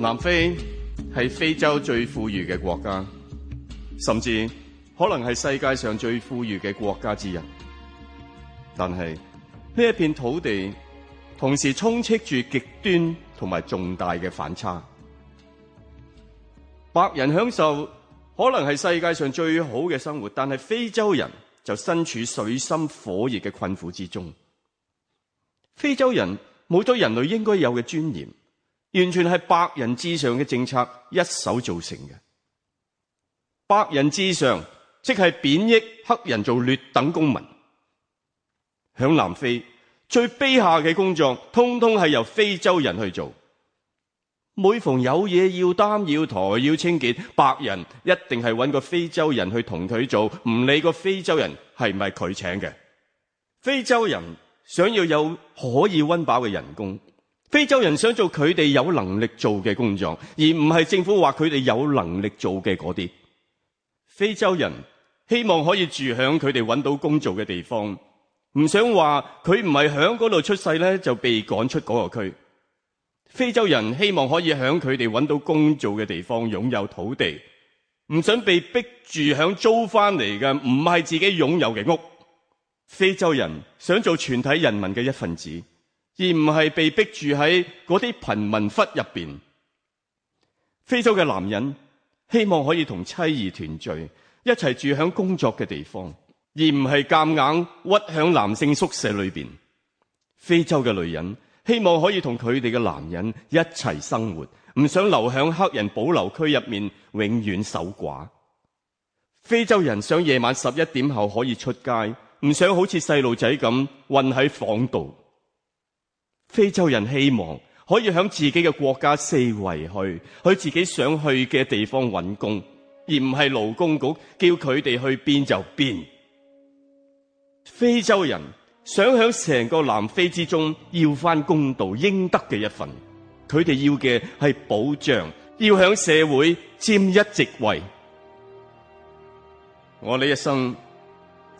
南非係非洲最富裕嘅國家，甚至可能係世界上最富裕嘅國家之一。但係呢一片土地，同時充斥住極端同埋重大嘅反差。白人享受可能係世界上最好嘅生活，但係非洲人就身處水深火熱嘅困苦之中。非洲人冇咗人類應該有嘅尊嚴。完全係白人之上嘅政策一手造成嘅。白人之上即係貶益黑人做劣等公民。響南非最卑下嘅工作，通通係由非洲人去做。每逢有嘢要擔、要抬、要清潔，白人一定係搵個非洲人去同佢做，唔理個非洲人係唔係佢請嘅。非洲人想要有可以溫飽嘅人工。非洲人想做佢哋有能力做嘅工作，而唔係政府話佢哋有能力做嘅嗰啲。非洲人希望可以住響佢哋搵到工作嘅地方，唔想話佢唔係響嗰度出世咧就被趕出嗰個區。非洲人希望可以響佢哋搵到工作嘅地方擁有土地，唔想被逼住響租翻嚟嘅唔係自己擁有嘅屋。非洲人想做全體人民嘅一份子。而唔係被逼住喺嗰啲貧民窟入邊。非洲嘅男人希望可以同妻兒團聚，一齊住喺工作嘅地方，而唔係夾硬屈響男性宿舍裏邊。非洲嘅女人希望可以同佢哋嘅男人一齊生活，唔想留響黑人保留區入面永遠守寡。非洲人想夜晚十一點後可以出街，唔想好似細路仔咁困喺房度。非洲人希望可以喺自己嘅國家四圍去，去自己想去嘅地方揾工，而唔係勞工局叫佢哋去邊就邊。非洲人想喺成個南非之中要翻公道，應得嘅一份，佢哋要嘅係保障，要喺社會佔一席位。我呢一生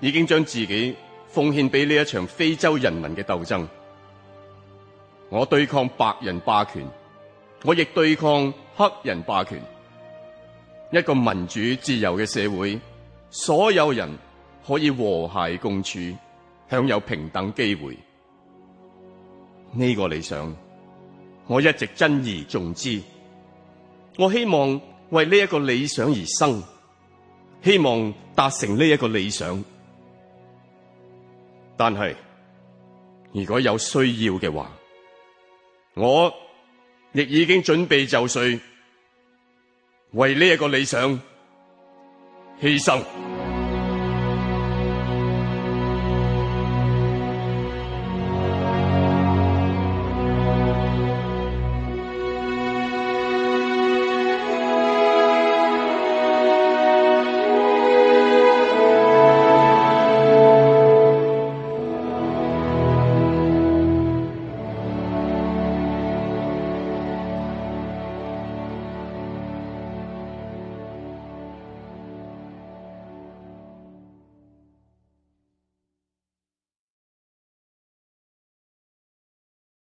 已經將自己奉獻俾呢一場非洲人民嘅鬥爭。我對抗白人霸權，我亦對抗黑人霸權。一個民主自由嘅社會，所有人可以和諧共處，享有平等機會。呢個理想我一直珍而重之。我希望為呢一個理想而生，希望達成呢一個理想。但係，如果有需要嘅話。我亦已經準備就緒，為呢一個理想犧牲。